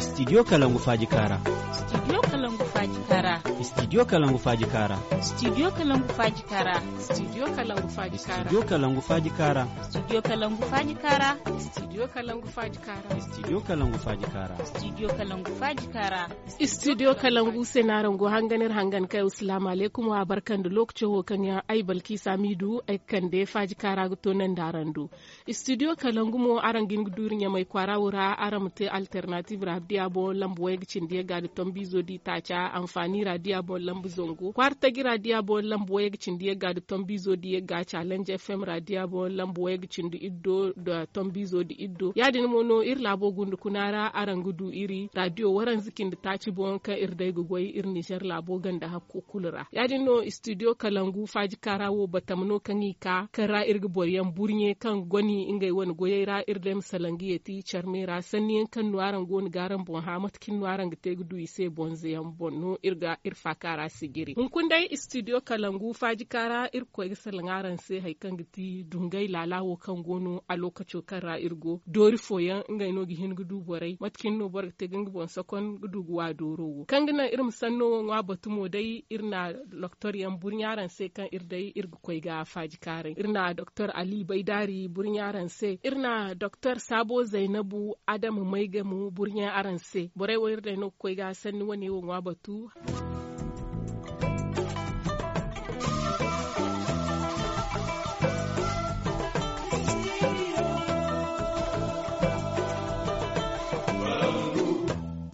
studio kalangu faji kara studio kalangu fajikara. studio kalangu fajikara. studio kalangu fajikara. studio kalangu fajikara. studio kalangu fajikara. studio kalangu fajikara. studio kalangu fajikara. studio kalangu fajikara. studio kalangu go hanganer hangan kai assalamu alaikum wa barkan da lokacin hokan ya ai balki samidu ai kan da darandu studio kalangu mo arangin mai kwara wura aramte alternative rabdia bo lambo wegcin ga da tombizo di tacha amfani radia bo bol lambu zongo kwarta gira dia bol lambu wayeg cindi yega du bizo di yega challenge fm radia bol lambu wayeg cindi iddo da tom bizo di iddo yadi ni mono ir labo gundu kunara arangudu iri radio waran zikin da taci bon ka ir dai gugoi ir nijar labo ganda hakko kulra yadi no studio kalangu faji karawo batamno kangi ka kara irga yam burnye kan gwani ingai wani goyera ir dem salangiye ti charmera sanniyen kan nuwaran goni garan bon hamat kin nuwaran gtegu du ise bonze yam bon no irga irfaka kara sigiri Mun kun dai studio kalangu faji kara irko gisal ngaran se hay kan giti dungai lalawo kan gono a lokacin kan ra irgo dori foyan ngai no gihin gudu borai matkin no bar te gangi bon sakon gudu guwa doro. kan gina irin sanno wa batu mo dai irna loktoriyan burin se kan ir dai irgo koi ga faji kara. irna dr ali baidari burin yaran se irna dr sabo zainabu adamu maigamu burin yaran aranse borai wayar da no koi ga sanni wani wa batu thank you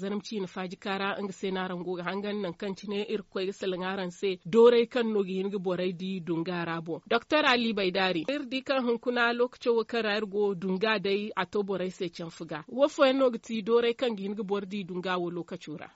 zanim ci na faji kara ang se go hangan nan kan ci ne ir kancine irkoy salngaran se dore kan no gi ngi borai di dunga rabo dr ali baidari di kan hun kuna hunkuna lokacin wakar go dunga dai ato borai se can fuga wo fo wofo gi ti dore kan gi ngi bor di dunga wo lokacura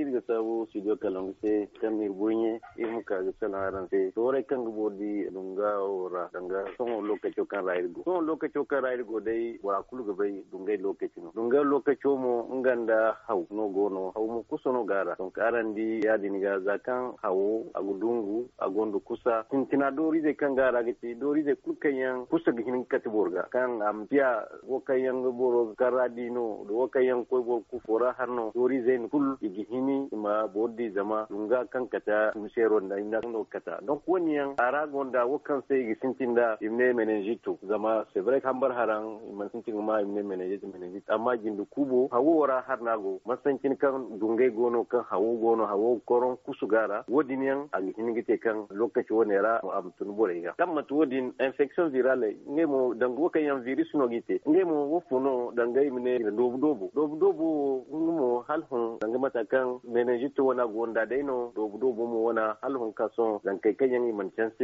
ir ga sabo su ga kalam se kan mi bunye mu ka ga salngaran se dore kan bor di dunga ora danga son lokacin kan rayargo son lokacin kan go dai wa kulu ga bai dunga lokacin dunga lokacin mo nganda hau no gono hau mu kusa no gara don karan di ya diniga zakan hawo agudungu agondo kusa tintina dori de kan gara gati dori de kuka yan kusa gihin katiborga kan ampia wakan yan boro karadi no do wakan yan koy bor ku fora harno dori zain kul igihini ma bodi zama lunga kan kata musero da inda no kata don wani yan aragonda wakan sai gisintinda imne menenjito zama c'est vrai kan bar haran man imne menenjito menenjito amma jindu kubo hawo wara har nago masancin kan dungai gono kan hawo gono hawo koron kusu gara wodin yan a gite kan lokaci wani ra a mutum bore ya kan to wodin infection virale mu dangu kan yan virus no gite mu wo no dangai mine dobu dobu dobu dobu mu halhun danga mata kan menejito wana gonda daino dobu dobu mu wana halhun kason dan kai kan yan man chance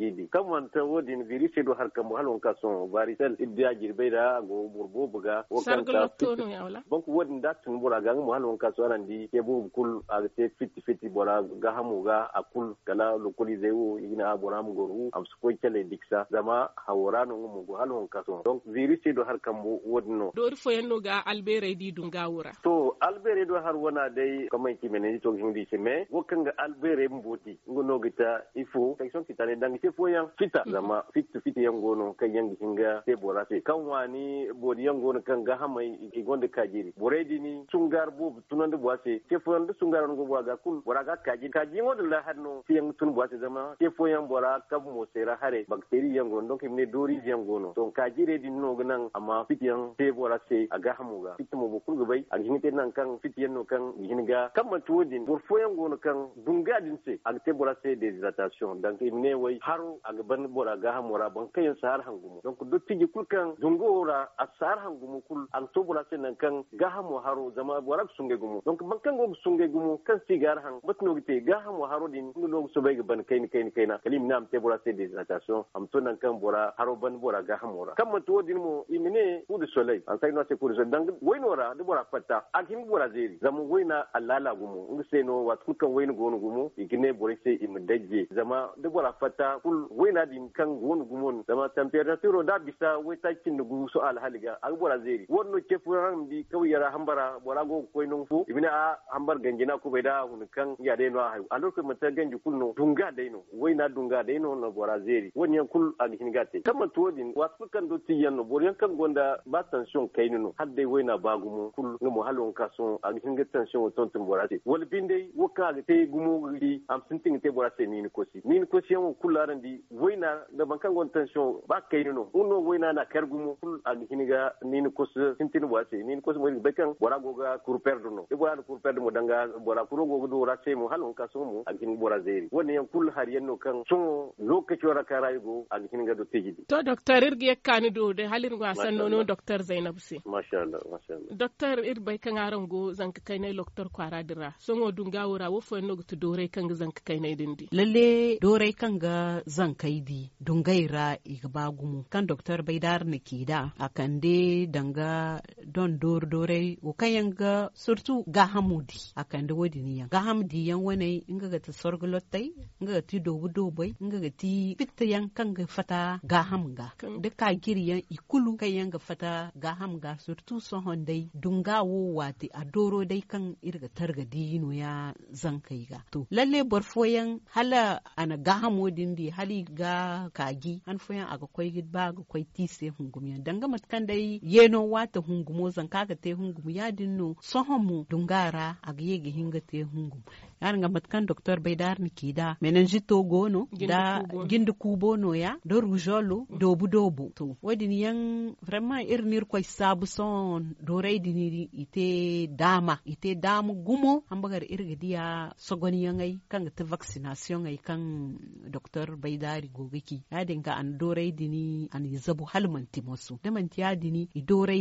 gidi kan wanta wodin virus do har kan mu halhun kason barisel idda girbe da go burbo buga wakan ta banku wodin da tun bora gangi mu halon kasuwaran di ke bu kul a te fiti fiti bora ga hamu ga a kul kala lukuli zai wo ina a bora mu goru am su koy kele diksa zama hawara no mu go halon kaso donc virus do har kam mu wodno do fo yenno ga albere di dun ga wura to albere do har wana dai kamai ki menen to hindi se me wo kan ga albere mboti no gita ifo section tane dangi ce fo yang fita mhm. zama fiti fiti yang gono kan yang hinga te bora se kan wani bodi yang gono kan ga hamai ki gonde kajiri bore di ni su sungar bu tunande boise te fo yande sungar ngo aga kul wara ga kaji kaji ngo la hanno fi yang tun boise zama ke fo yang bora kab mo sera hare bakteri yang ngondo kimne dori yang gono to kaji re din no gnan ama fit yang te bora se aga hamu ga fit mo bu bukul go bai ag hingte nan kan fit yang no kan ga kam ma tu din bor fo yang gono kan dunga din se ag te bora se déshydratation donc imne wai haru ag ban bora ga hamu ra ban kayan sar hangu hangumo donc do tiji kul kan dungo dungora asar hangu mo kul ag to bora se nan kan ga hamu haru zama ma wala sunge gumu donc bankan go sunge gumu kan sigar han batno gite ga ham no so be ban kain kain kaina kalim nam te bora se désertation am to nan kan bora haro ban bora ga ham wora kam to din mo imine ku de soleil an sai no se ku de soleil de bora fatta akim bora zeri zamu waina alala gumu ngse no wat ku kan wain gonu gumu igine bora se im zama de bora fatta kul waina din kan gonu gumu zama temperature da bisa wai takin gu so alhaliga al bora zeri wonno ke bi kawai hambara bora arago ko non fu ibina a ambar gangina ku bai da hun kan ya dai no a hayu alor ko mata ganji kullu dunga dai no wai na dunga dai no na gora zeri won yan kul a gihin gate kama to din wasu kan do ti yan no bor yan kan gonda ba tension kai no har dai wai na bagu mu kullu no mu halon ka son a gihin gate tension ton tin bora ce wal bin dai woka ga te gumo gidi am sun tin te bora ce ni ko si ni ko si yan kul aran di wai na da ban kan gon tension ba kai no uno wai na na kar gumo kullu a gihin ga ni ni ko sun tin bora ce ni ko mu bai kan bora go ga kurperdu no ibo yan kurperdu mo danga bora kuro go do ra semu halon kaso kasumu agin bora zeri woni yan kul har yenno kan so lokaci wara karaygo agin ga do tejidi to docteur irgi yakani do de halin go asan no no docteur zainab si masha Allah masha Allah docteur irbay kan arango zanka kainai docteur kwara dira songo dunga wora wo fo no gutu dore kan ga zanka kainai dindi lalle dore kan ga zankai di dungaira igba gumu kan docteur baidar nikida akande danga don dor dore wo kayan ga surtu ga hamudi kan da wadi niyan ga hamudi yan wane inga ga ta sorgulottai inga ga ti dobu dobai inga ga ti fitta yan kan ga fata ga hamga giri yan ikulu kan yan ga fata ga hamga surtu son dai dunga wo wati a doro dai kan irga targa dino ya zan kai ga to lalle barfoyan hala ana ga hamodin di hali ga kagi an foyan aga koi gidba ga koi tise hungumiya danga matkan dai yeno wata hungumo zan kaga te hungumu ya din no mu dungara a giye gihin ga te hungum yaringa matkan docteur baydar ni da. menen jito gono da gindu no ya do rujolu dobu dobu to ni yan vraiment irnir koy sabu son do ni ite dama ite damu gumo ambagar irga diya sogoni yangai kan ta vaccination ngai kan docteur beydari gogiki yadinga an do ni an zabu halman timosu da manti yadini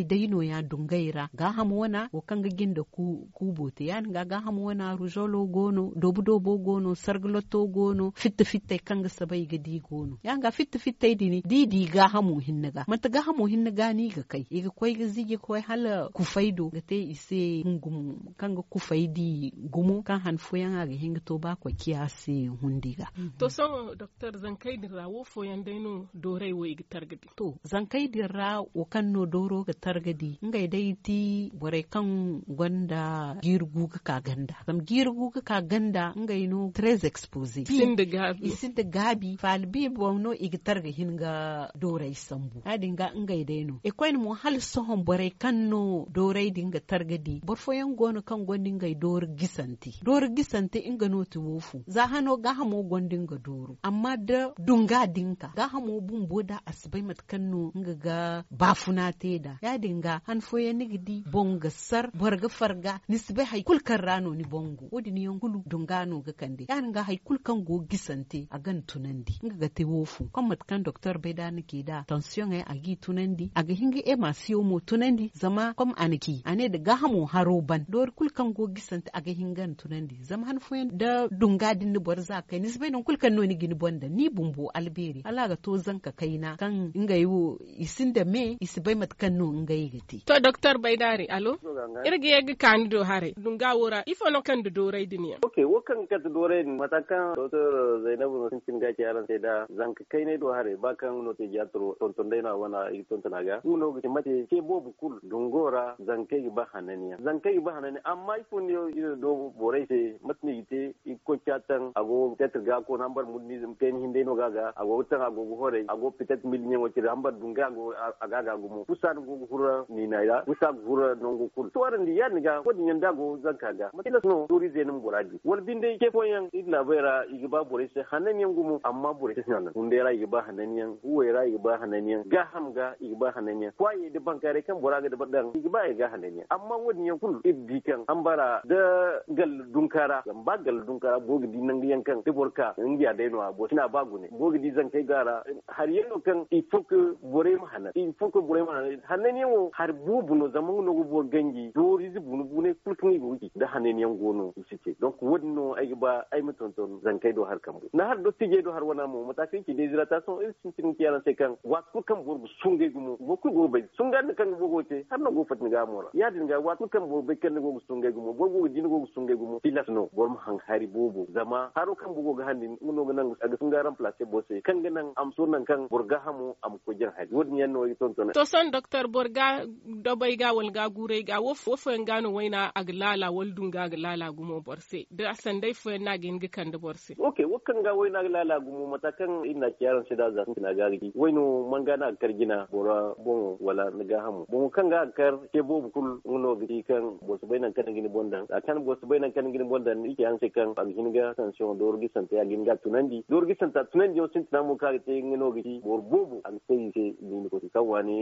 dai no ya dungaira ga hamwana wakan gagin gindu ku bote yan ga wana rujolo gono gono dobu dobo gono sargloto gono fitta fitta kanga sabai ga di gono yanga fitta fitta dini di di ga hamu ga mata ga hamu ga ni ga kai iga koi ga zige koi hala kufaido ga te ise ngum kanga kufaidi gumo kan han foyanga ga hinga to ba ko kiyasi hundiga to so doctor zankai dira wo foyan daino dorai wo iga targadi to zankai dira rawo kan no doro ga targadi ngai dai ti bore kan gwanda girgu ka ganda kam girgu ka ganda nga ino tres exposé sinde gabi sinde gabi fal bi bonno igtar ga hinga dorai sambu adinga nga ino. e koin mo hal sohon bore kanno dorai dinga targadi borfo yan gono kan gondin nga dor gisanti dor gisanti inga no tuwofu za hano ga mo gondin nga doro amma da dunga dinka ga mo bun da asibai mat kanno nga ga bafuna teda ya dinga han fo bonga sar barga farga nisbai hay kulkan rano ni bongo wodi ni kulu dungano ga kande yaran ga kul kan go gisante a gan tunandi nga ga te wofu kan matkan doctor bai da nake da tension ai agi tunandi aga hinga e masiyo mo tunandi zama kom aniki ane da gahamo haro ban dor kul kan go gisante aga hingan tunandi zama han fuyen da dunga din ni bor za kai nisbe non kul kan no ni gini bonda ni bumbo alberi ala ga to zanka kaina kan inga yiwo isin da me isibai matkan no inga gati to bai dare alo irgi yegi do hare dunga wora ifo no kan do dorai duniya Okay, wakan kata kategori matakan Dr. Zainabu Sintin ga ke yaran sai da zanka kai ne do hare ba kan no te tonton dai na wana i tonton aga. Kuno ga mate ke bobu kul dungora zanka ba hananiya. Zanka ba hanani amma ifo ne ido do borai sai matni ite iko chatan ago tetra ga ko nambar mudni zum ken hinde no gaga ago utang ago hore ago pitet milnye wati rambar dunga ago agaga gumo. Kusan go hura ni naira, ya. Kusan hura nongo kul. Tuwarin di ya ga ko dinyan dago zanka ga. Matila no turi zenin boradi. kazi wol binde ke fo yang idna vera igiba borese hanan yang gumu amma borese nan hundera igiba hanan yang huwera igiba hanan yang gaham ga igiba hanan yang kwaye de bankare kan boraga de badan igiba ga hanan yang amma wodin yan kun ibbi kan ambara da gal dunkara yan ba gal dunkara bogdi nan yan kan de borka ngiya de no abo sina bagune bogdi zan kai gara har yano kan il faut bore ma hanan il faut bore ma hanan hanan yang har bubu no zaman no go gangi do rizi bunu bune kulkuni buki da hanan yang gono sike donc no ay ba ay mi ton zan zankay do har kambu na har do tije do har wana mo mata fin ki déshydratation il sin tin ki yaran sai kan wa ku kan burbu sunge gumo bo ku go bai sunga ne kan go te har na go fat ni ga mora ya din ga wa ku kan burbu kan go sunge gumo bo go jin go sunge gumo tilas no bor mu han hari bobo zama haro kan bugo ga handin uno ga nan ga sunga ran place bo sai kan ga nan am so nan kan burga hamu am ko jin hari wodni yan no yi ton ton to son docteur burga do bai ga wal ga gure ga wof wof ga ngano waina aglala wal dunga lala gumo borse fe de asan dai fo na gen gikan da borse ok wakan ga wai na lala gumu matakan ina kiyaran sida za su na gari wai no manga na kar gina bora bon wala na ga hamu bon kan ga kar ke bo bukul uno bi kan bosu bainan kan gini bondan akan bosu bainan kan gini bondan yake an sai kan gini ga san shi sansion dorgi santa ya gin ga tunandi dorgi santa tunandi yo sin tunamu ka ga te ngino gi bor bobu an sai sai ni ko kan wani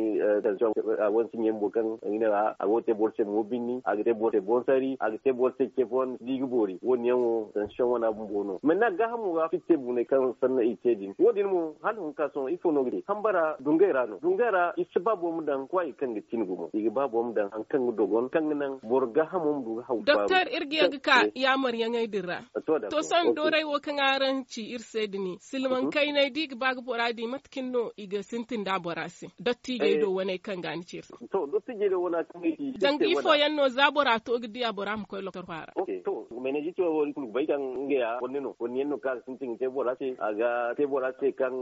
sansion a wansin yembo kan ngina a wote borse a gite borse bonsari gite borse ke kefon digi bo wori woni yango dan shan wani abun bono men na gahamu ga fitte bune kan sanna itedin wodin mu hal hun kaso ifo no gidi han bara dungai kambara dungaira no dungaira babu mu dan kwai kan ga tingu mu igi babu mu dan an kan dogon kan nan bor gahamu mu hau doctor irgiya ka eh. ya mar yangai dirra to san dorai wo kan aranci irsedini silman mhm. kai na dig bag boradi matkin no iga sintin da borasi dotti ge eh. do wane kan gani cir to dotti ge do wani kan dan ifo yanno zabora to gidi abora mu ko lokar fara to men neji cewa wori kulu bai kan ngeya wani no wani no ka sun tin te bora ce a ga te bora ce kan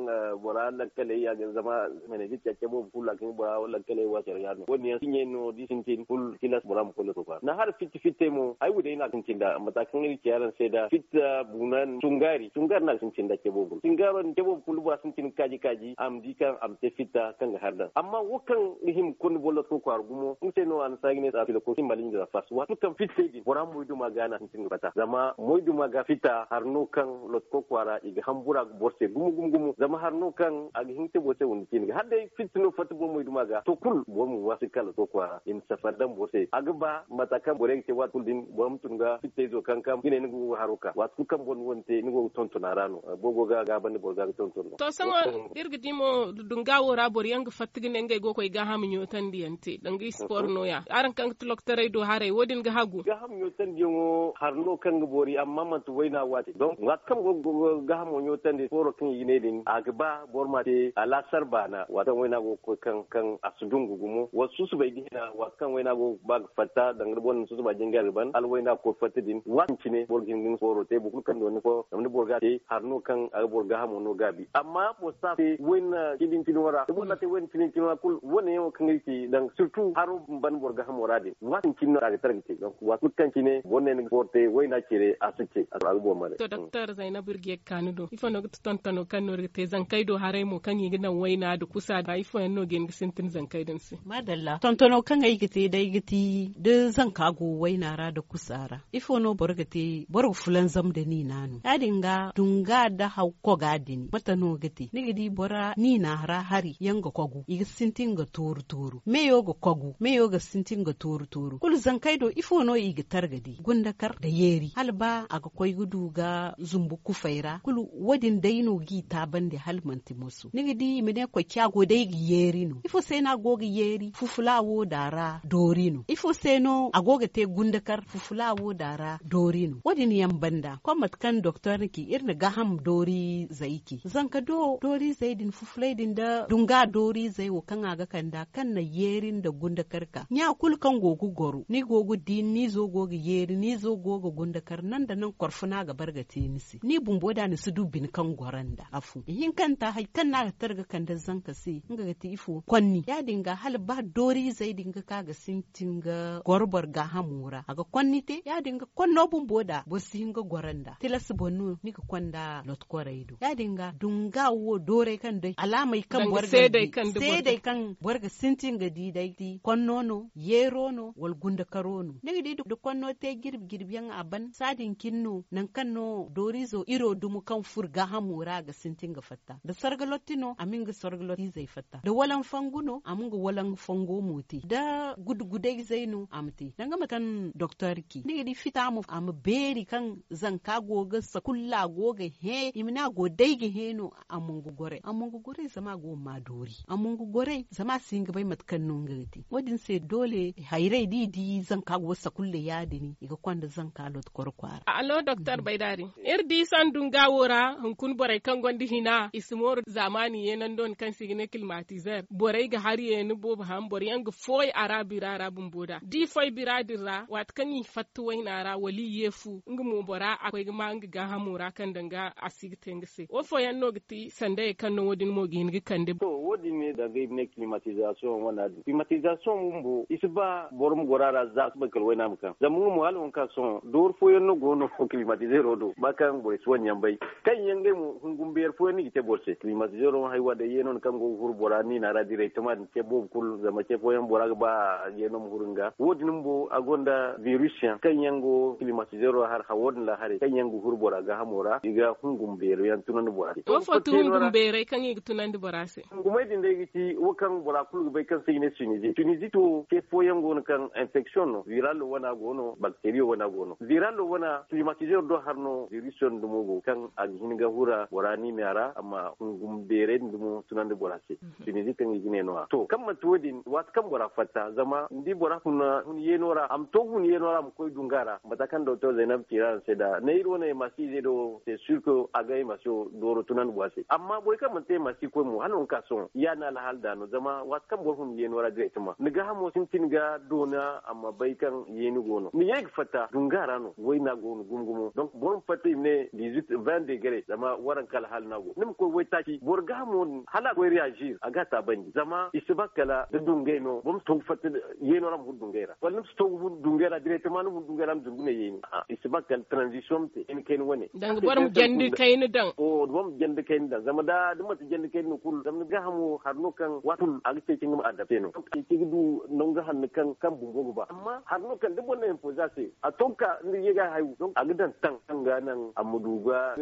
bora la kale ya ga zama ne ji ce ce bora kula kan bora wala kale wa ce ya no wonni sun yeno di sun tin kul kilas bora mu kullu ka na har fit fit te mo ai wude ina sun tin da matakan ne ke yaran sai da fit eh, bunan tungari tungar na sun tin da ke tungar tungaron ke bo kulu ba sun tin kaji kaji am di kan am te fitta kan ga hardan amma wukan him kun bola ko ko argumo in sai no an sagine da filo ko kin malin da faswa tukan fit sai din bora mu du magana sun tin ba kata zama moydu maga fita harno kan ko kwara iga hambura borse gumu gumu gumu zama harno kan aga hinte borse woni kinga hadde fitno fatbo moydu maga to kul bomu wasikala to kwara in safardan borse aga ba matakan boreng te watul din bom tunga fitte zo kan kam kine nugo haruka watku kan bon wonte tonto na rano go ga ga bande borga tontono to sango irgidimo dunga wora bor yang ne ngay go koy ga ham nyotandi yante dangi sport ya. aran kan tlok tere do hare wodin ga hagu ga ham nyotandi ngo harno kan bori amma man to waina wati don wat kam go ga mo de foro kin yine din agba borma te ala sarbana wata waina go kan kan asudungu gumo wasu su bai gina wat kan waina go bag fatta dan bon su su ba jinga riban al waina ko fatta din wan cine borgin din foro te bu kan don ko amni borga te harno kan aga ga mo no gabi amma bo sa te waina kidin tin wara bu na te waina kidin tin wara kul wone yo kan yi dan surtout haro ban borga mo radin wan cin na ga targite donc wat kan kine bonne ne forte waina ina kere asike albo mare to docteur zainab kanu do ifo no tontano kanno te do hare mo kan yigi nan waina da kusa da ifo no gen sintin zankaidin si madalla tontano kan ga yigite da yi yigiti da zankago waina ra da kusa ra ifo no borgate bor fulan zam da ni nanu adinga dunga da hau ko gadini mata no gite gidi bora ni na ra hari yanga kogu igi sintin ga toru toru me meyo ga kogu meyo ga sintin ga toru toru kul do ifo no igi targadi gundakar da ye beri hal ba aga kwai gudu ga zumbu kufaira kulu wadin daino gi ta bande hal manti musu ni di mine kwa kya go dai gi yeri no ifo sai na go gi yeri fufulawo dara dorino ifo sai no agoga te gundakar fufulawo dara dorino wadin yan banda kwa matkan doktor ki irna gaham dori zaiki zanka do dori zaidin din da dunga dori zai wo kan aga kanda kan na yerin da ka. nya kul kan gogu goro ni gogu din ni zo gogu yeri ni zo gogu Gundakar nan da nan korfuna ga barga tenisi ni bumbo da ni su dubin kan goran da afu yin kanta hai kan na ga kan da zan ka si in ga ifo kwanni ya dinga hal ba dori zai dinga ka ga sintin ga gorbar ga hamura aga kwanni te ya dinga kwanno bumbo da bo si hinga goran da tilas bonu ni ka kwanda lot koraido ya dinga dunga wo dore kan dai alamai kan borga sai dai kan sai dai kan borga sintin ga di dai di kwannono yerono wal gunda karono ne ga di da kwanno te girb yan a ban sadin kinno nan kanno dorizo iro dumu kan furga hamura ga ga fatta da sargalotino ga sargaloti zai fatta da walan fanguno ga walan fango moti da gudgudai zainu amti nan ga matan doktor ki ne di fita mu am beri kan ka goga kulla goga he imina go he heno amungu gore amungu gore zama go ma madori amungu gore zama singa bai matkan ngati wadin sai dole hairai di di ka go ya dini iga kwanda ka. lot korkwar alo ah, docteur baydari irdi dunga wora hunkun kan gondi hina ismor zamani yenan don kan sigine climatizer Borai ga har yeni bo ham boray yang foy arabira arabun boda di foy biradira wat kan yi fattu wainara wali yefu ngi mu bora akwai gma ngi ga hamura kan danga asigtengse wo foyan nogti sandai kan no wodin mogin gi kande to wodi ne daga ibne climatisation wana climatisation mumbo isba borum gorara zasba kalwaina mkan zamu mu halon kan son do bor foyenno gono fo climatiseur o do bakan bore suwan yambay kan yenge mo hungumbiyar foyenni gite borse climatiseur on hay wade yenon hur ni nara directement ke bob kul zama ke foyen bora ba yenom hurunga bo agonda virusien kan yango climatiseur har ha la hare kan yango hur bora ga hamora diga biyar yan tunan bora to fo tungumbiyar kan yi tunan bora se din dai giti wakan bora bai kan sai ne suniji tuniji to ke foyen gon kan infection viral wana gono bacteria wana gono dirallo wana climatiseur do harno do mogo kan ag hinga hura warani mi ara amma gum beren ɗumo tunande bora se tunisi kan mhm. iginenoa to kam ma towodin wat kam bora fatta zama ndi bora hun hun yenora am to hun yenora am koy dungara matakan do to zainab tiran seda nayir wona e masije ɗo c'est sûr que aga e masi o doro tunande bora se amma boy kam te masi ko mu hanon ya na la hal dano zama wat kam bor hun yenora ga directement niga hamo sintinga dona amma bay kan yeni gono mi yeg fatta dungara kano wai na go gum don bon fati ne 18 20 degré zama waran kal hal nago nim ko wai taki borga mon hala ko reagir aga ta bandi zama isbakala de dungay no bom to fati yeno ram dungera wal nim tong hu dungera directement hu dungera dungune yeni ah, isbakal transition te en ken woni dan bor mu jandi kayni dan o oh, bom jandi kayni dan zama da dum ta jandi kayni kul zama ga hamu har no kan watul agte cingum adapte no ti du nonga han kan kan bungo ba amma har no kan dum wannan imposase a tonka yega hayu donc agdan tan tanga nan amuduga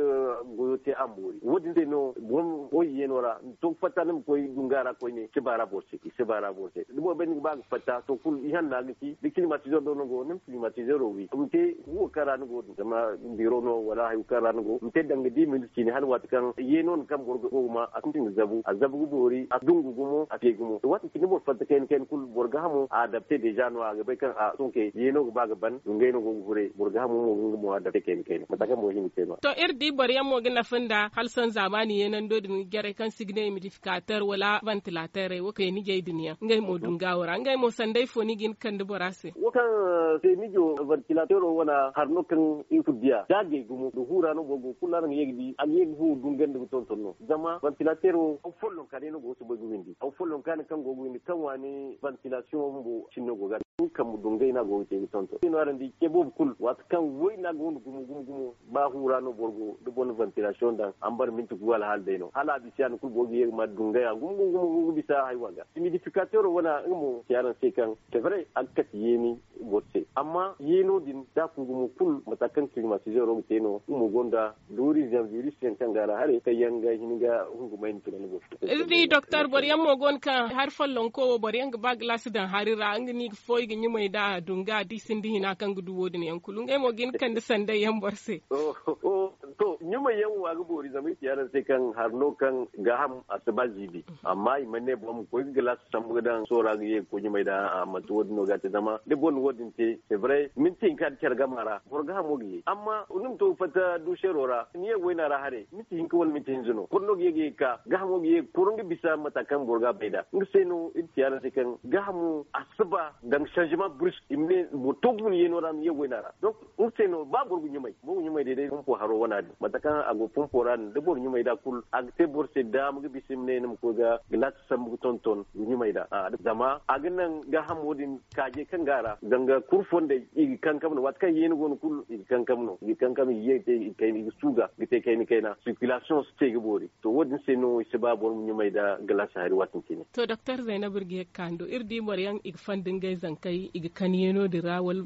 goyote ambori wodi de no bom o yenora to fata nam koy dungara koy ne kibara borse kibara borse dubo ben ba fata to kul ihan na nagiti di climatiseur do ngo nem climatiseur o wi mte wo kara ngo dama biro no wala hay kara go mte danga di min ni hal wat kan yenon kam gorgo o ma akuntin zabu azabu bori adungu gumo ategumo wat kini bor fata ken ken kul borgamo hamo adapter déjà no aga be kan a sonke yeno ba ga ban ngeno go gure burga mu mo da take ni kai mata ga mo hin to ir er di bari mo gina funda halsan zamani ye nan do dun gare kan signe humidificateur wala ventilateur wo kay ni jey dunia ngay mo mhm. dun gawra ngay mo sandai foni gin kan de borase wo ni jo ventilateur wana harno kan ifudia dage gumu du hura no am hu dun ko ton tonno zama ventilateur o follon kan no go to bugu windi o follon kan kan gogo windi kan wani ventilation bo cinno goga kam dun gaina go te ton to ino arandi ke kul wa parce que woy na gon gumu gumu gumu ba hura no borgo de bon ventilation dan ambar min tu wala hal deno hala bi sian kul bogi yeg ma dunga ya gumu gumu gumu bisa hay waga humidificateur wana mo siaran se kan c'est vrai al kat yemi borse amma yeno din da ku gumu kul matakan climatiseur ro teno mo gonda duri jam duri sen kan gara hare yanga hinga hungu main hugumain no borse irdi docteur boriyam mo gon kan har fallon ko boriyam ba glass dan harira an ni foy gi nyimai da dunga di sindi hina kan gudu wodin yankul kulun ai mogin kan da sanda yan borse oh, oh, to nyuma yan wa ga bori ki yaran sai kan harno kan a asbaji bi mhm. amma imane bom ko glas sambudan sora ye ko mai da ah, to wodno ga ta zama de bon wodin te c'est vrai min tin kan kyar bor ga ham ogi amma unum to fata du sherora ni ye wena ra hare min tin ko wal min tin zuno n'o ge ge ka gaham gi kurungi bisa matakan borga baida ti yaran sai kan gahamu asba dan changement brusque imne mo togun yeno ram ye wena ra donc urte no ba burgu nyimai burgu nyimai de de pumpo haro wana di matakan ago pumpo ran de burgu nyimai da kul ag te bur se da mu bisim ne num ko ga glat sam gu ton ton da a ah, zama agnan ga hamodin kaje kan gara ganga kurfon da igi kan kamno wat kan yin gon kul igi kan kamno igi kan kam ye te kai ni suga gi te kai ni kai na circulation ste gi bori to wodin se no se ba burgu nyimai da glas hari watin kini to dr zainab irgi kando irdi ig fandin gaizan kai igi kan yeno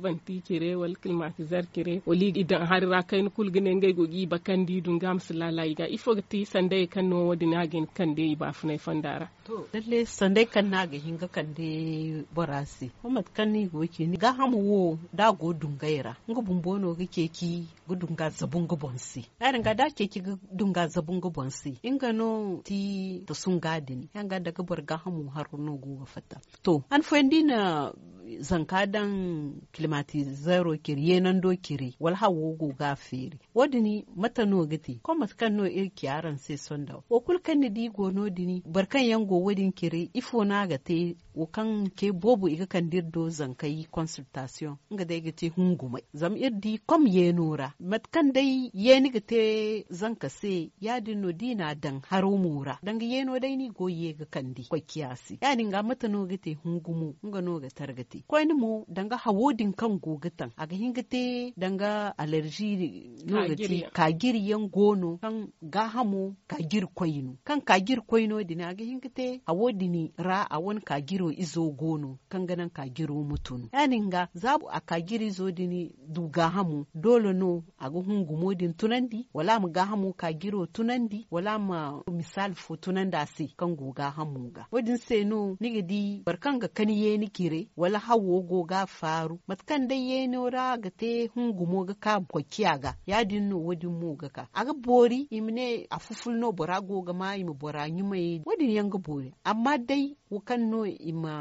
banti kire wal mati zarkire oli idan har ra kain kul gine ngai gogi ba kan di dun gam silala ga ifo ti sandai kan no wadi na gin kan dai ba fune fandara to dalle sandai kan na ga hinga kan dai borasi Muhammad kan ni go ke ni ga hamu wo da go dungaira ngu bumbono ga ke ki go dunga zabun go bonsi na ringa da ke ki go zabunga zabun go bonsi inga no ti to sun gadin yanga daga bor ga hamu har no go fata to an fendi na zankadan climatizero kiri yenan do kiri wal hawo go ga firi wadini mata no gati ko mat kan no ir kiyaran se sonda wo kul kan di go no dini barkan yan go wadin kiri ifo na ga te wo kan ke bobu iga kan dirdo zankai consultation nga dai gati hungumai zam ir di kom yenora mat kan dai yeni ga te zanka se ya no dina dan harumura. mura dan yeno dai ni go ye ga kandi ko kiyasi yani ga mata no gati hungumu nga no ga targati gite ko ni mo danga hawodin kan gogitan gahin gite danga alerji lokaci kagir yan gono kan gahamo kagir koyino kan kagir koyino dina aga hingite hawodini ra a awon kagiro izo gono kan ganan kagiro mutun yaninga zabu a giri zo dini du gahamu dole no aga hungumo din tunandi wala mu gahamu kagiro tunandi wala ma misal fo tunanda si kan goga hamu ga wadin sai no nigidi barkan ga kaniye ni kire wala hawo go ga faru matkan dai yeno ra ga te hungumo ga ka kwakiya ga ya dinno wadin mu ga ka aga bori imne a fufulno bora go ga ma ima bora nyumai wadin yanga bori amma dai wukan no ima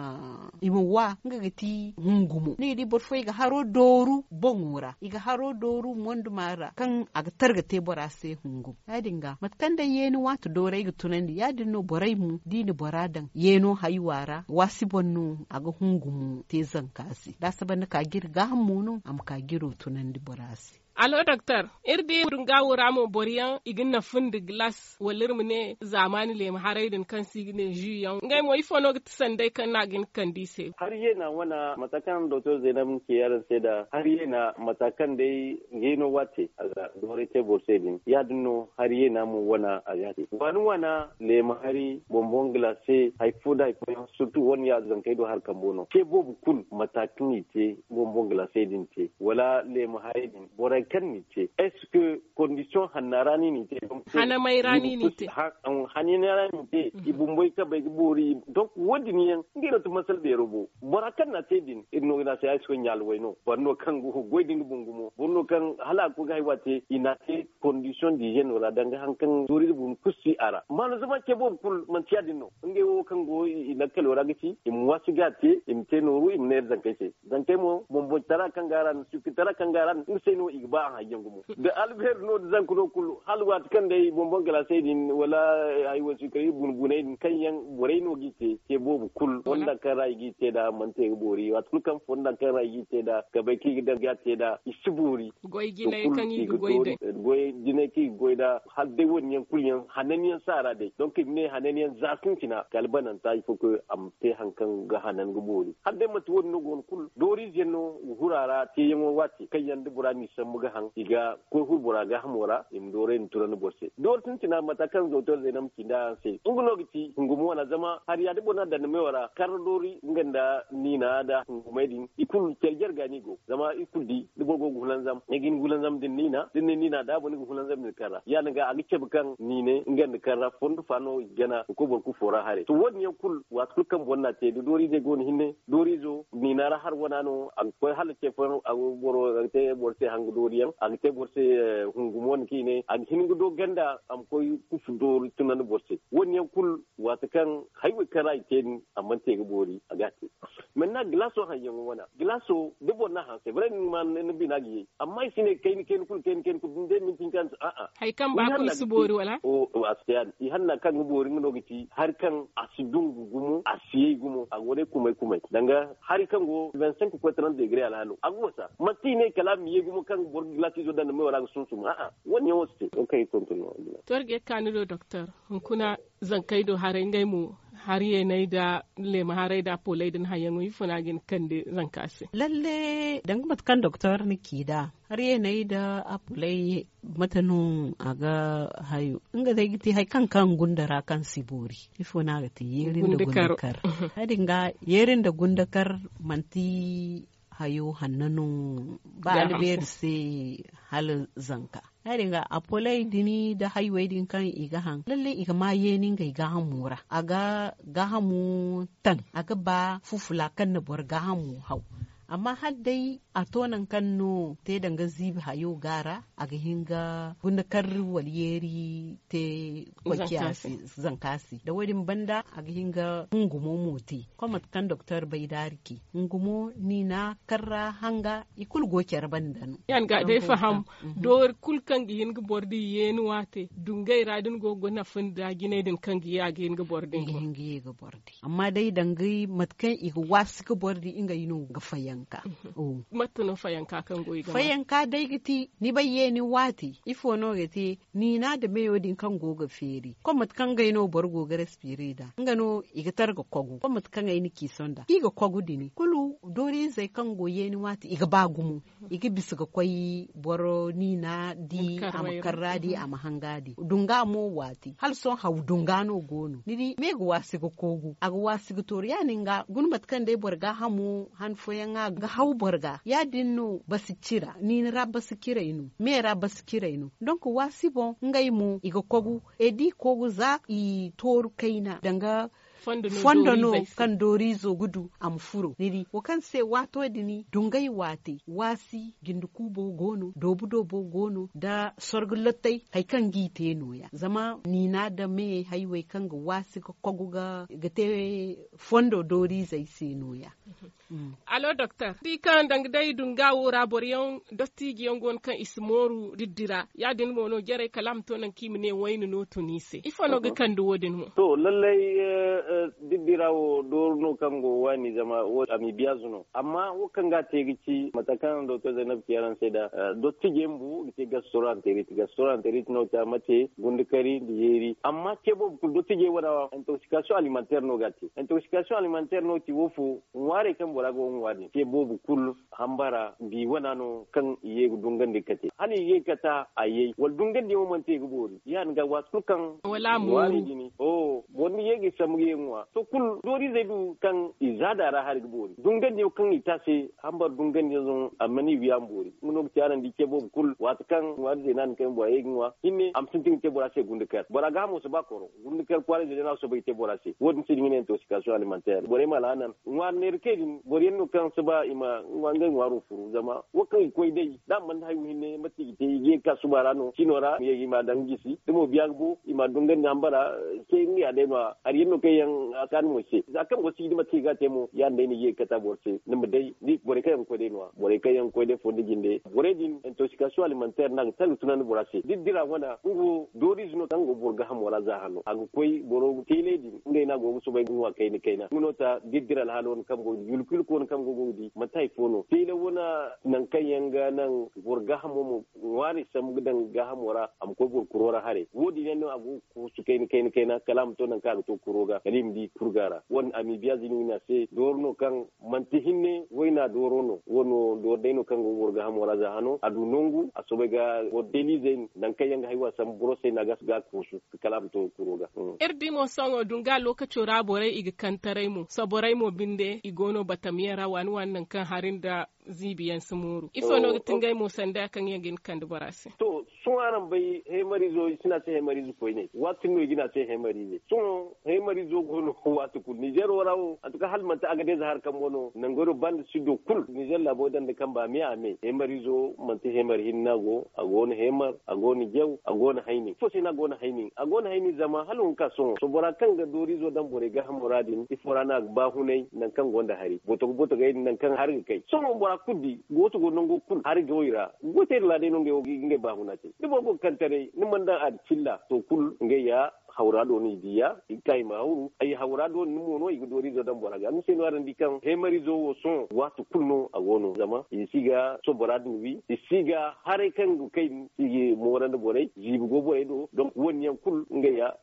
ima wa nga ga ti hungumo ne di borfo ga haro doru bongura iga haro doru mondu mara kan aga targa te bora se hungum ya dinga matkan dai yeno watu dorai ga tunandi ya dinno borai mu dini boradan yeno hayuwara wasi bonno aga hungumu te ke zan kasi da sabani ka gir ga hamunu am ka giro tunan di borasi Alo docteur, irdi dunga wuramo boriyan na fundi glas glass walirmine zamani le maharaidin kan sigine juyan. Ngai mo ifono git sandai kan nagin kan dise. Har yana wana matakan doctor Zainab ke yaran sai da har yana matakan dai ngino wate aza dore te borse din. Ya dinno har yana mu wana ayati. Wani wana le mahari bonbon glace haifuda haifuda surtu wani ya zan kai do har kan bono Ke bobu kun matakin ite bonbon glace din ce Wala le mahari din amurken ni ce est-ce que condition hanarani ni te hana mai rani ni te mai rani ni te mhm. ibumboy ka bai bori Don wadda ni yan ngira to masal be robo bora kan na te din inno na sai so nyal wayno bonno kan go goidin bungumo bonno kan hala ko gai wate ina te condition di jen wala dan ga hankan zuri bun kusi ara Ma na zama ke bo kul man ciya din no nge wo kan go ina kal wala gici im wasi gati im te noru im ner zankai ce kai mo bon bon tara kan garan su tara kan garan im sai no igba ba a hagen kuma da alfahar no da zankuno kullu halwa kan yi bambam galasai din wala ai wasu kai bunbunai din kan yan burai no gite ke bobu kul mhm. wanda kan rai gite da mante bori wa tulkan wanda kan rai gite da gabaki da gate da isuburi goy gine kan yi goyi da gina ki goyi da har dai wannan kulyan hananiyan sara dai don ki ne hananiyan zakin kina kalbanan ta yi fuku am te hankan ga hanan gubori har dai mutuwar no gon kul dori jenno hurara te yamo wati kan yan dubura ni san mu ga han iga ko fu bura ga hamora in dore in turan bose dole tun tina matakan zotor da nam kinda se ungulo giti ngumu wana zama har ya dubo na da ne wara kar dori ganda ni na da ngumai din ikul kelger gani go zama ikul di dubo go gulan zam ne gin gulan zam din ni na din ne ni na da boni gulan zam ne kara ya ga a nga agi kebkan nine nganda kara fondu fano gena ko bor ku fora hare to woni yakul wat kul kam wonna te dori de ni ne dori zo ni na har wana no an ko hal ke fon agoro te borse hangu dori biyan an te borse eh, hungumon kine an hingu do ganda am koy do tunan borse won woni kul wata kan haiwe karai ten amman te gori agati na glaso han yango wona glaso de bonna han c'est vrai man ne binagi amma sine kayn ken kul ken ken kul den min tin kan a a hay kan ba ko subori wala o wasiyan i hanna kan gubori ngono giti har kan asidungu gumu asiye gumu a wore kumai kumai danga har kan go 25 ko 30 degree degré alano agwasa matine kala miye gumu kan pour glasi zo dan mai wala sunsu a'a wani yawon su okay continue torge do doctor kuna zan kai do harengai mu har ye nai da Lema maharai da polai din mu yi funagin kan da zan kasi. Lalle dan kan doktor niki da har ye nai da apulai matanun a ga hayu. ga zai giti hai kan kan gundara kan sibori. Ifuna ga ti yerin da gundakar. Hadin ga yerin da gundakar manti hayo hannanun ba alber halin zanka haringa apolai dini da highway din kan iga han lalle iga ma ye ga iga han mura aga gahamu tan aga ba fufula kan na bor gahamu hau amma har dai a tonan kanno te danga zibi hayo gara a ga hinga gunakar waliyeri te kwakiya zankasi da wadin banda a ga hinga ngumo moti kwamat kan doktor bai dariki ngumo ni na karra hanga ikul gokyar bandanu yan ga dai faham mhm. dor kul kan gi hinga bordi yenu wate dungai radin gogo na fin da gine din kan gi ya gi hinga bordi amma dai dangai matkan iga wasu ga bordi inga ga fayan fayanka Mata mhm. oh. mattuno fayanka kan goyi gama fayanka dai giti ni bayye ni wati ifo no gati ni na da meyo yodin kan goga feri ko mat kan gai no bar goga respire da no igatar ga kogu ko mat kan gai ni kisonda ki ga kogu dini kulu dori zai kan goye ni wati iga bagumu mhm. iga bisa ga kwayi boro ni na di amakarra di mhm. amahanga di dunga mo wati hal son hau dunga no gono ni me ga wasi ga kogu aga wasi ga toriya nga gunu mat kan dai ga hamu han ga hau barga ya dinnu cira ni ra kira inu me ra kira inu donc wasi bon ngai mu iga kogu edi kogu za i toru kaina danga fondono kan dorizo gudu am furo niri wo kan se wato dini dungai wate wasi bo gono dobu dobo gono da sorgulottai hay kan gite noya zama nina da me haiwai kan ga wasi ka kogu ga fondo dori zai se noya mm. alo docteur di kan dangdai dunga wora dosti giyon gon kan ismoru diddira ya din mono jere kalam to nan ne wainu no tunise ifano ga kan duwo din mo to lallai eh, eh, wo dorno kango wani zama ami biazuno amma wo kanga tegici matakan dr zainab kiyaran seda eh, dotti gembu ti restaurant rit restaurant rit no ta mate gundukari diheri amma bo do tige wada intoxication alimentaire no gati intoxication alimentaire no ti wofu ware kan go wadi ke bu kul hambara bi no kan ye dungan de kate hani ye kata ayi wal dungan de mo mante gbori yan ga wasu kan wala mu woni yegi samuyeŋwa to kul dori zai zedu kan izada ra har bori dungan yo kan se hambar dungan ne zon amani wiyan bori munog tiaran di bo kul wat kan war nan kan boye yegiwa hinne am sintin ke bora se gunde gundukar bora ga mo soba koro gunde gundukar kwale je na so be te se wodin sin sika so alimentaire bore mala nan ne ngwan din bore no kan soba ima ngwangen waru furu zama wakan koi dai dan man hayu hinne mati te ye ka kasubara no sinora ye ima dangisi dimo biagbo ima dungan ngambara ke ngi ade ma har ariyano ke yang akan za kan wasu di mati ga temo ya ne ni ye kata borse mu dai ni bore kayan ko dai no bore kayan ko dai fondi jinde bore din intoxication alimentaire na tan tunan borase di dira wana ugo dori zuno tango borga ham wala za zahano agu koy boro tele din ngai na go so bai gunwa kai ni kaina muno ta di dira la halon kam go yulkul ko kam go gudi matai fono tele wana nan kayan ga nan borga ham mo wari sam gidan ga ham wara am ko borkurora hare wodi ne no agu ko su kai ni kai ni kalam to na nan kan to kuroga kalim di kurgara won ami biazi ni na se dorno kan manti hinne woina dorono wono do deno kan go wurga ha a za hano adu nongu asobe ga wo delize nan kai yanga haywa sam brose na gas ga kusu kalam to kuroga mm. erdi mo songo dunga lokaci rabore iga kantarai mo saborai mo binde igono batamiyara wani wannan kan harinda da zibiyan sumuru ifo no oh, tingai mo sanda kan yagin kan dubarasi to sun aran bai hemarizo suna ce hemarizo ko ne wati ne gina ce ne sun hemarizo ko no watu ku niger warawo an tuka hal manta aga dai zahar kan mono nan goro band sido kul niger labo dan da kan ba mi ame hemarizo manta hemar hinna go agon hemar agon jew agon haini fo sina gon haini agon haini zama halun ka sun so bora kan ga zo dan bore ga hamuradin iforana ba hunai nan kan gonda hari boto boto ga nan kan har kai sun bora kuddi goto go nongo kul har goira gote la de nongo nge ba hunati ni bo ko kantare ni mandan ad to kul ngeya hawraaɗo ni diya itta e ma hawru ay hawraaɗo num wono e ɗorizo damboraga ɗum seno arandi kan hemarizo o son watu kulno a wono zama i siga so soboraɗum wi i siga hare kan go kai i kay sigi moranda boray go boray do don woni yan kul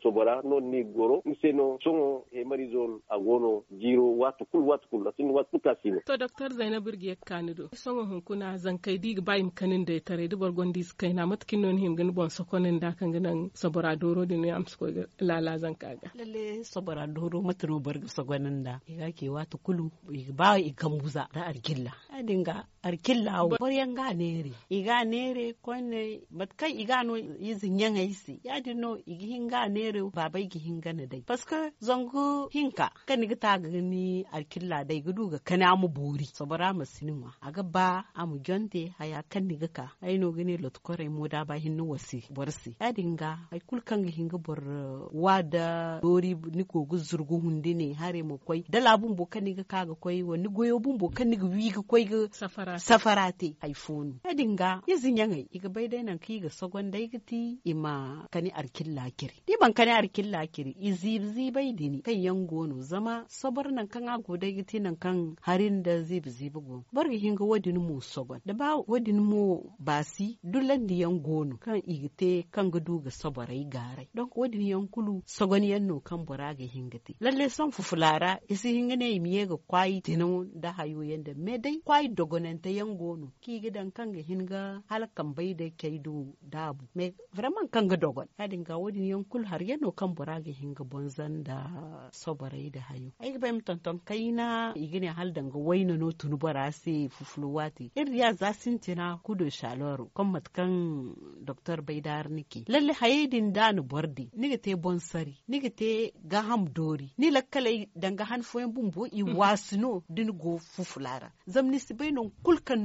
so bora noon ni goro ɗum seno sogo zo a wono jiro watu kul watu kul asin watu kul kasino to doctor docteur zainabou irgue yakkani ɗo sogo hunkuna zankay ɗi bayim kanin da tare ɗi borgon kai na matkin non him gan bon sokonen da kan ganan sobora doro ɗi no ga lala zan kaga lalle sabara doro matano barga sagwanin da ya ke wata kulu ba ikan buza da arkilla adinga arkilla bar yanga nere iga nere konne matkai iga no yizin yan aisi ya dino igi hinga nere baba igi hinga na dai paska zango hinka kan ga ta gani arkilla dai gudu ga kana mu bori sabara masinwa aga ba amu jonte haya kan ni ka aino gani lotkore mu da ba hinno wasi borsi adinga ai kulkan hinga bor wada dori ni kogu zurgu hunde ne hare ma koi dala bun bo kan ga kaga koi wani goyo bun bo kan ga wi ga koi ga te iphone adinga yazin ai ga bai dai nan ki ga sagon dai giti ima kani arkin lakiri ni ban kani arkin lakiri zi bai dini kan yan gono zama sabar nan kan ago dai giti nan kan harin da go bar ga hinga wadin mu sagon da ba wadin mu basi dulan di yan gono. kan igite kan ga duga sabarai garai don wadin kan kulu sogoni yan no kan borage hingati lalle son fufulara isi hingane miye ga kwai tinu da hayo yanda me dai kwai dogonanta yan gono ki gidan kan ga hinga halakan bai da kai dabu me vraiment kan ga dogon hadin ga wodi yan kul har yan no kan ga hinga bonzan da sobarai da hayo ai ba mutantan kaina igine hal danga waina no tunu se fufuluwati irya sin tina kudo shaloro kan matkan doktor baidar niki lalle hayedin da bordi niga te te bonsari ga te gaham dori ni kala danga han foyen bumbo i mhm. wasno din go fufulara zamni sibai non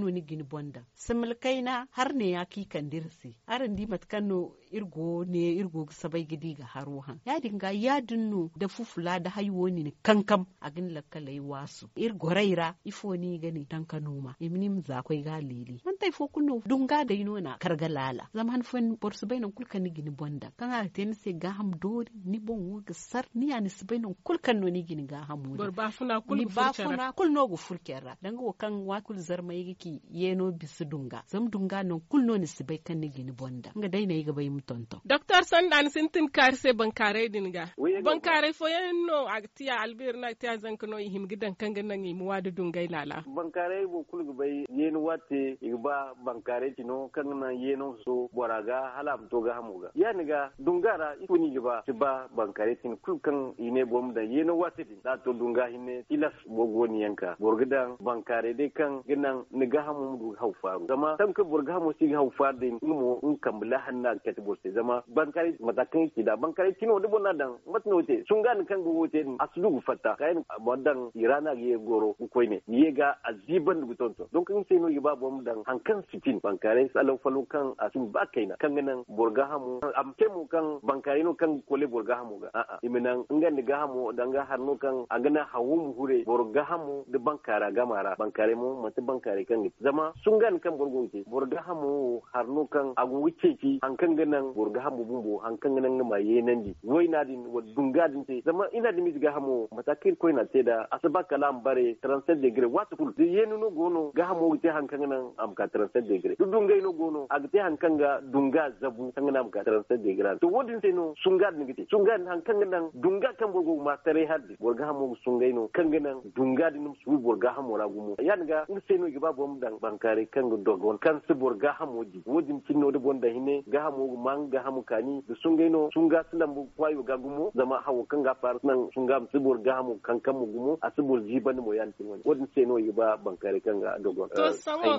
no ni gini bonda samil kaina har ne ya ki kandirsi arandi di matkan no irgo ne irgo sabai gidi ga haro han ya dinga ya dinnu da fufula da haiwo ne kankam agin lakkalai wasu irgo raira ifo ni gani tan kanoma imnim za kwai ga lili an tai fo kunno dunga da yino na karga lala zaman fan borsu bainan kulkan ni gini bonda kan a ten se ga ham dori ni bon wo ga sar ni ni su bainan kulkan no ni gini ga hamu bor ba funa kul ba funa kul no go furkera danga go kan wa kul zarma yiki yeno bisu dunga zam dunga non kul no ni su bai kan ni gini bonda nga dai ne ga bai dum tonton docteur sandan sintin karse bankare dinga bankare foyen no agtiya albir na tiya no him gidan kanga nan yi muwadu dungai lala bankare bo kulgu bai yen wate igba bankare tino kanga nan yeno so boraga halam to ga hamuga ya niga dungara ikuni giba tiba bankare tin kulkan ine bom da yeno wate din da to dunga hinne tilas bogoni yanka borgidan bankare de kan ginan niga hamu du haufaru kama tan ka borga hamu hau faru din mu in kambula hanna ket goste zama bankare matakan ki da bankare kino dubu na dan matno wote gani kan go wote asdu fatta kayan modan irana ye goro ko ne ye ga aziban dugu tonto kan sai no yaba bom dan hankan sitin bankare salo falo kan asun ba kaina kan nan borga hamu am temu kan bankare no kan kole borga hamu ga a a iminan ngan ga hamu dan ga harno kan agana mu hure borga hamu de bankara gamara bankare mu mata bankare kan zama sungan kan borgo wote borga hamu harno kan agu wuce ki hankan gana nan gorga hamu bumbu an kan nan ma ye nan di wai na din wa dunga din te zama ina di misiga hamu matakir ko ina te da asaba kalam bare 37 degree watu kul de yenu no gono ga hamu te han kan nan am ka 37 degree du dunga no gono ag te han kan ga dunga zabu kan nan am ka 37 degree to wodin te no sungad ni gite sungad han kan nan dunga kan borgo ma tare haddi gorga hamu sungai no kan nan dunga din su borga hamu ra gumu yan ga se no giba bom dan bankare kan dogon kan su borga hamu ji wodin tinno de bonda hine ga hamu man ga hamu kani da sun gaino sun ga sulan bu kwayo ga gumo zama hawo kan ga faru nan sun ga subur ga hamu kan kan mu gumo a subur jiban mu yan wani. wani wadin sai no yi ba bankare kan ga dogo to eh, sanwa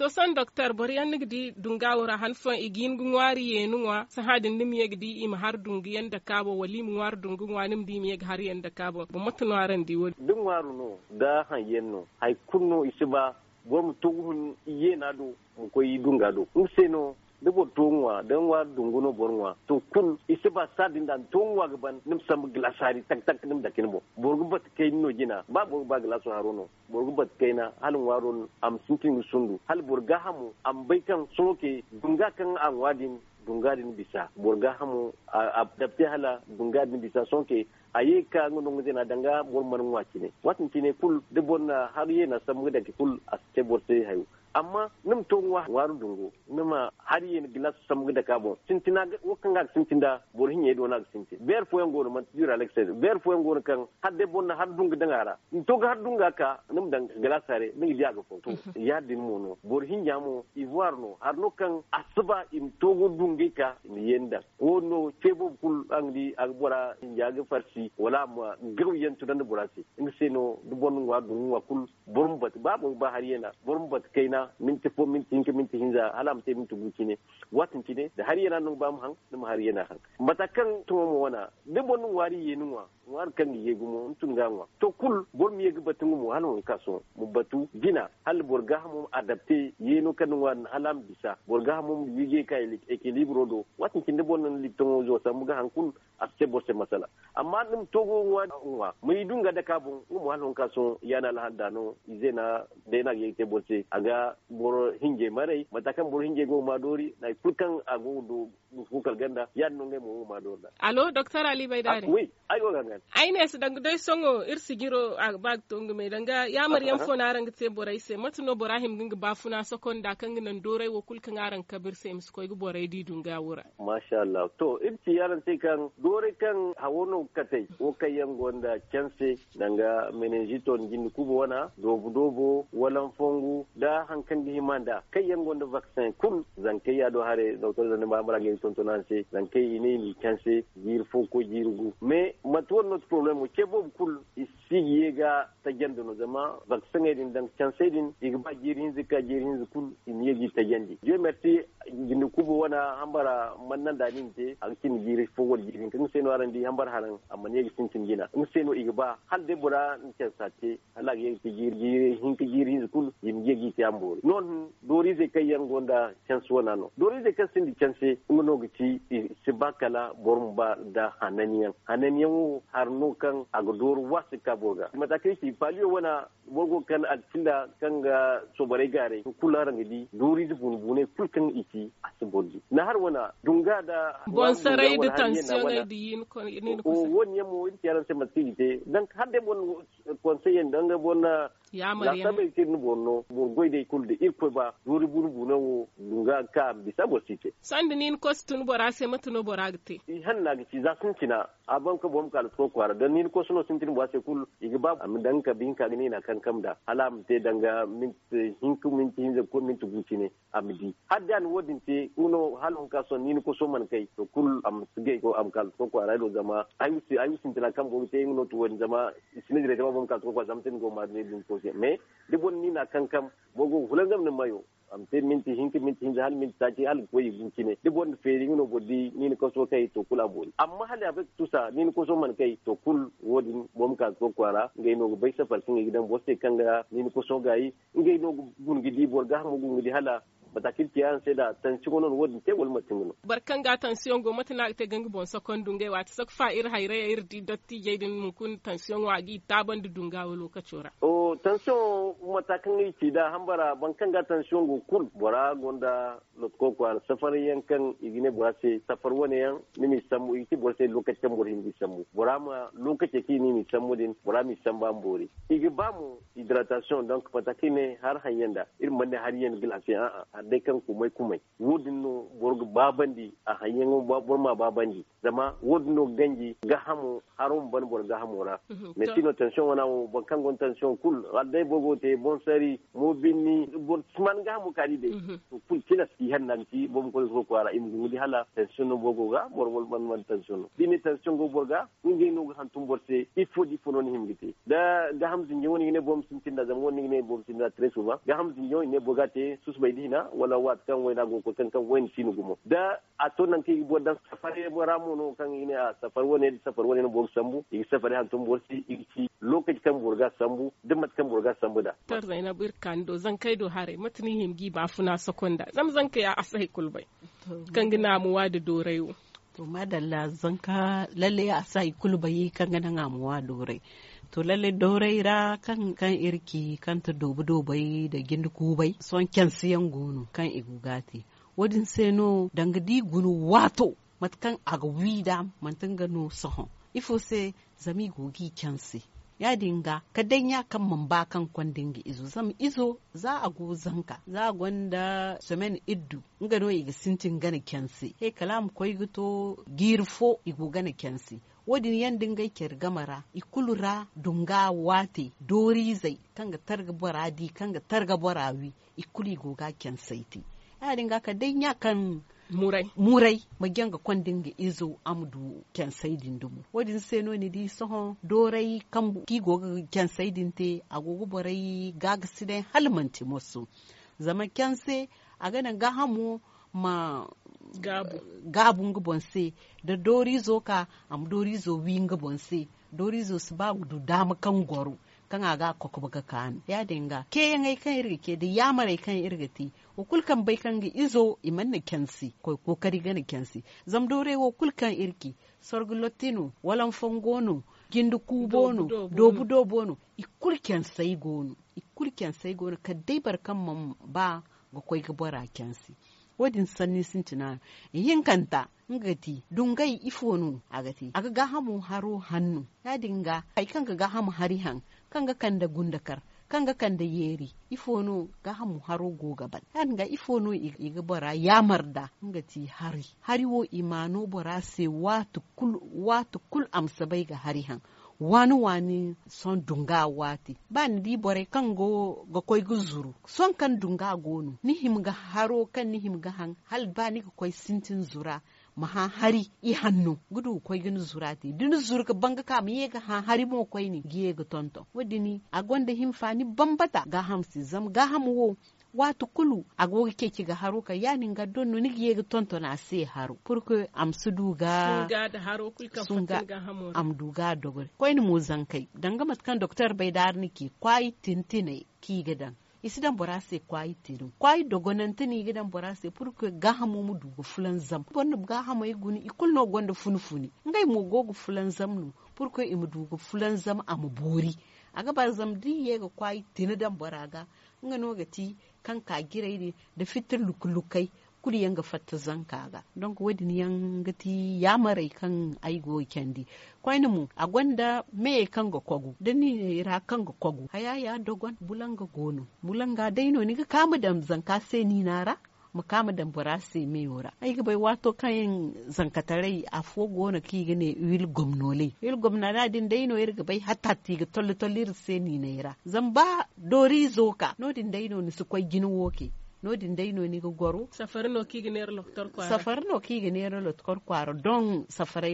to san doctor bari yan nigdi dunga wora hanfon igin gunwari yenuwa sahadin nim i im har dungi yanda kabo wali mu war dungu wanim di mi yeg har yanda kabo bu mutun di wani. dun waru no da han yenno hay kunno isiba gwamnati tuhun iye na do mu koyi dunga do mu seno debo tongwa den wa dunguno borwa to kun isiba sadin dan tongwa gaban nim sam glasari tak tak nim da kinbo borgu bat kai no ba borgu ba glaso harono borgu bat na halin waron am suntin sundu hal borga hamu am baikan soke dunga kan an wadin dungadin bisa borga hamu a hala dungadin bisa sonke a ye ka ŋunung zena danga bor man ŋwa kine watin kine kul de bonna har ye na samu da kul a se borte hayu amma nim to wa waru dungo nima har yin gilas sam da kabo sintina wakan ga sintinda borhin yedo na sinti ber fo yango man jira alexis ber fo yango kan hadde na har dunga dangara to ga har dunga ka nim dan gilas sare min ya ga fo to mhm. ya din mo no borhin ya i ivoire no har no kan asuba im to go dungi ka ni yenda ko no tebo kul angli agbora ya ga farsi wala ma gaw yantu dan borasi in se no du bon wa wa kul borum bat babo ba har yena borum bat kayna hinza minti fo minti inke minti hinza hala mte minti gukine watin kine da har yana nung bamu hang nung har yana han matakan tumo mo wana de bon wari yenin wa war kan ye gumo tun ganwa to kul bor mi yegi batun mu hanu kaso mu batu gina hal bor mu adapte yenu kan wan alam bisa bor gahamu yige kai equilibre do watin kinde bon lipton zo mu ga kul aske bor se masala amma nung togo wa wa mai dunga da kabun mu hanu kaso yana lahanda no izena de na yege borse aga boro hinje marai matakan boro hinje go ma dori na kulkan ago do kukal ganda yan nonge mo ma do allo docteur ali baydari ah, oui ay go gangan ay ne dang doy songo ir sigiro ag bag tongu me danga ya maryam fo na rang te boray se matno borahim ginga bafuna sokon da kan nan dorai wo kulkan aran kabir se mis koy go boray di dunga wura masha allah to irti yaran te kan dore kan hawono katai wo kayan gonda chance danga menenjiton gindi kubo wana dobu dobu walan fongu da hang an kan di manda kai yang gonda vaccin kum zankai ya do hare docteur zan ba mara ngi ton tonanse zankai ni ni kanse jir fo ko jirgu me matwon not problem problème ke bob kul isi isigi ga tajando no zama vaccin e din dan kanse din igba jirin zika jirin kul in yegi tajandi je merci gindi kubu wana hambara man nan da nin te alkin jiri fo wol jirin kan seno arandi hambar haran amma ne gi sintin gina in seno igba hal de bura in kansa te ala gi jiri jiri hin ki jiri kul in yegi te ambo wori non dori ze kai yan gonda can su wana no dori ze kasin di can e, se ngono gici si bakala borum ba da hananiyan hananiyan wo har no kan agdor wasu ka boga mata kai shi paliyo wana wogo kan altilla kan ga sobare gare kula rangidi dori ze bun bune kulkan iki asibodi na har wana dunga da bon sarai da tension e di yin ko ni ko won yamo in tiyaran se te dan hadde bon conseiller eh, dan ga bon ya mariyan la sabai tin bonno bon goide da irko ba duri burbu na wo nuga ka bisa ni sandi nin tun bora se matuno bora gte i n'a gi za sun kina aban ka bom ka ko kwara dan nin ko suno sintin ba se kul i ba am dan ka bin ka ni na kan kam da alam te danga min hinku min tin da ko min tuguci ne amdi haddan wodin te uno halon ka son nin ko so man kai to kul am sige ko am ka ko kwara do zama ayi ayi sintin kan bom te uno to won zama sinidire ba bom kal ko kwara zamtin go ma ne din ko se me dibon ni na kan kam bogo hulan ne mayo am te minti hinki minti hinji hal minti tati hal goyi gunkine duk wanda feri ngino godi nini koso kay to kul aboni amma hal ya tusa nini koso man kay to kul wodi bom ka ko kwara ngai no bai safar kinga gidan boste kanga nini koso gayi ngay no gun gidi bor ga mo gun gidi hala matakin tiyan sai da tension non wadin te wol matingo barkan ga tension go matina te gangi bon sakon dunga wa ta sak fa ir hayre ir di dotti je din mun kun tension wa gi taban du dunga wo lokacora o tension matakan yi ci da hambara bankan ga tension go kul bora gonda lotko ko al safar yankan igine bora se safar wani yan nimi samu iti bora se lokacin bora hindi samu bora ma lokaci ki nimi samu din bora mi samba bori igi bamu hydratation donc patakine har hanyanda irin manne har yan glace a hadde kan kumai kumai wudin no borgo babandi a hanyen ma babandi zama wudin no ganji gahamo harun ban bor gahamo na mais mhm. tino tension wana o bankan gon tension kul radde bogo te bon sari mo binni bon suman gahamo kadi de mhm. kul tilas han nan ti bom ko ko kwara im ngudi hala tension no bogo ga bor bol ban ban tension dini tension go ga ngi no han tumborse il faut di fonon himgite da gaham woni ne bom sintinda zama woni ne bom sintinda tresuba gaham zinjoni ne bogate na. wala wat kan wena go ko kan kan shi sinu gumo da a to nan ki bo dan safare bo ramu no kan ine a safar woni safar na bo sambu i safare han tun borsi i ci lokaci kan burga sambu duk mat kan burga sambu da tar zainab irkan do zan kai do hare matni himgi ba funa sakonda zam zan kai a asai kulbai kan gina wa da dorayo to madalla ka lalle a sai kulbai kan ganan amuwa dorai to lalle doraira kan kan irki kan ta dobu dobai da bai. son kyan siyan gunu kan igugati wadin seno dangadi gunu wato matkan agwida mantan gano sohon ifo se zami gogi kyansi ya dinga ka danya kan mamba kan kwandin ga izo zam izo za a go zanka za a gwanda semen iddu ngano iga sintin gana kyansi he kalam koy gito girfo igo gana kyansi wodin yan dinga gamara ikulura dunga wate dori zai kanga targa boradi kanga targa barawi ikuli goga kyan saiti ya dinga ka dai ya kan murai murai magyan ga kwan dinga izo amdu kyan saidin dumu wadin no ni di soho dorai kan ki goga kyan saidin te agogo barai gaga sidai halmanti musu zama kyan a ganin gahamu ma gabu gabu da dori zo ka am dori zo wi ngi dori zo su ba gudu dama kan goro kan aga kokoba ka kan ya dinga ke yan ai kan da ya mare kan irga ti o bai kan izo iman na kensi ko kokari gani kensi zam dore wo irki sorgulotinu walan fongono gindu kubono dobu dobono ikulken sai gono ikulken sai gono ka dai barkan ba ga koi gabara kensi wadin sanni yin kanta ngati dungai ifonu agati aga gahamu haro hannu ya dinga ai ga gahamu hari han kanga kanda gundakar kanga kanda yeri ga gahamu haro gogaban ya dinga ifonu iga bora yamarda ngati hari wo imano bora se watu kul watu kul amsabai ga hari han wani wani son dunga wati ba ni di bore kan go ga koi gu zuru son kan dunga gonu ni him ga haro kan ni him ga han hal ba ni ga koi sintin zura Ma ha hari i hannu gudu koi gin din dinu zurka banga mi ga ha hari mo koi ni giye ga tonto ni agonda him fani bambata ga hamsi zam ga ham watu kulu agogi ke ga haro ka yani ga donno ni yega tontona se haro pour que am suduga sunga am duga dogol koy ni muzan zankai danga matkan docteur baydar ni ki kwai tintine ki isi isidan bora se kwayi tirin kwayi dogonanta ni gidan bora se pour que gahamu mu dugo fulan zam bonno gahamu yi guni ikul no gonda funfuni ngai mu gogu fulan zam nu pour que imu dugo fulan zam amu bori aga bar zam di yega kwayi tini dan bora ga nga no ga ti kan ka girai ne da fitar lukulukai kuri fata fatta zankaga don ko wadin yan gati ya marai kan aigo kendi kwaini mu a gwanda me kan ga kwagu ni ne ra kan ga kwagu haya ya dogon bulanga gono bulanga daino ni ga kamu da ka sai ni nara kama da burasi mai wura ai bai wato kayan zankatarai a fogo na ki gane wil gomnole wil da din dai no ga bai hatta ti ga tolli tolli seni ne ira zamba dori zoka no din dai no ni su kwai ginu woke no ni ga goro kwara safar no kwaro gane kiginero loktor kwaro don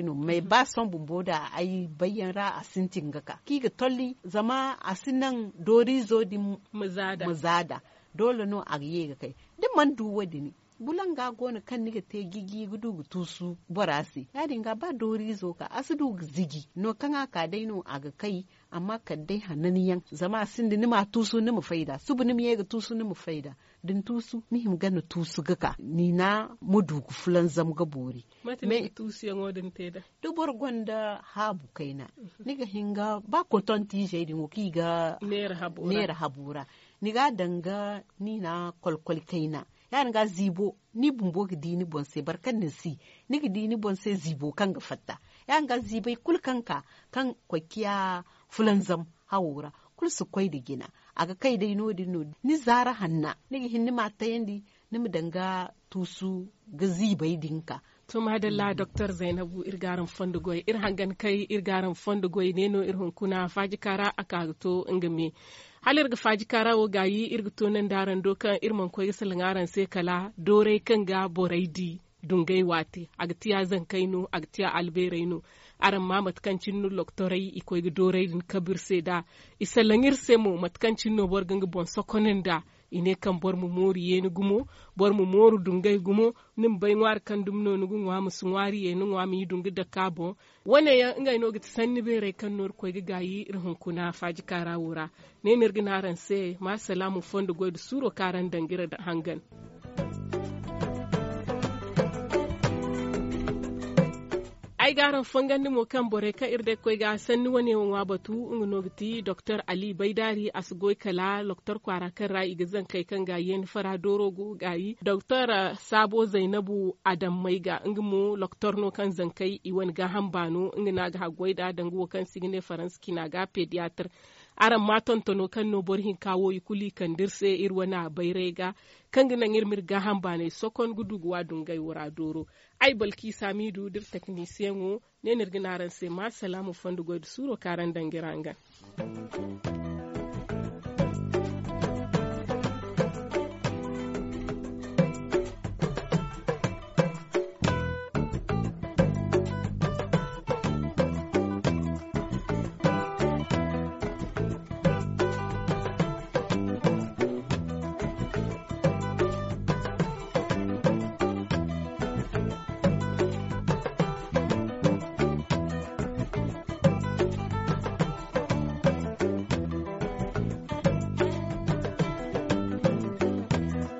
no. mai ba son bumboda ayi bayyana a sintin gaka ga tolli zama a sinan dori din muzada muzada dole no a yi ga kai duk man duwa dini bulan ga gona kan niga te gigi gudu su barasi ya dinga ba dori zo ka du zigi no kan aka dai no ga kai amma ka dai yan zama sin da nima tusu nima faida subu nima yega tusu nima faida din tusu mihim gana tusu gaka ni na mudu fulan zam ga bori me tusu yan odin da. dubor gonda habu kaina niga hinga ba koton je din wuki ga nera habura nera habura ni ga danga ni na kwalkwal kaina ya ga zibo ni bumbo ki dini bonse barkan ni si ni ki dini bonse zibo kan ga fatta ya ga zibo kul kanka kan kwakiya fulan zam hawura kul su kwai da gina aga kai dai no dino ni zara hanna ni ki hinni mata yandi ni mu danga tusu ga zibai dinka to madalla dr zainabu irgaran fondugoy ir hangan kai irgaran fondugoy neno ir hunkuna faji kara aka to ngame halir ga faji karawo ga yi irga tonan daran dokan irman koyi salingaran sai kala dorai kan ga borai di dungai wate agtiya zan kaino agtiya albereino aran ma matkancin nu loktorai ikoy ga dorai din kabir sai da isalangir sai mu matkancin no borgan ga bon sokonin da ine kam bor mu mori yeni gumo bor mu moru gumo nim bay ngwar kan dum no ngwa mu sungwari yeni ngwa mi dungi da kabo wana ya ngai no git sanni be re kan nor koy ga yi rhun kuna faji kara wura ne nirginaran se ma salamu fondo goy suro karan dangira da hangan ai garan fangandi mo kan bore ka irde ko ga sanni woni won wa batu ngunogti dr ali baidari asgoy kala dr kwara kan rai gizan kai kan ga yen fara dorogo gayi dr uh, sabo zainabu adam mai ga ngumo dr no kan zankai iwan ga hambano ngina ga hagoy da dangu kan signe faranski na ga pediatr aran maton tono kan no bor hin kawo kuli kan dirse irwana bayrega kangina irmir ga hambane sokon gudu guwa dungai wura doro ai balki samidu dir technicien wo ne nirginaran se ma salamu fandugo suro karan dangiranga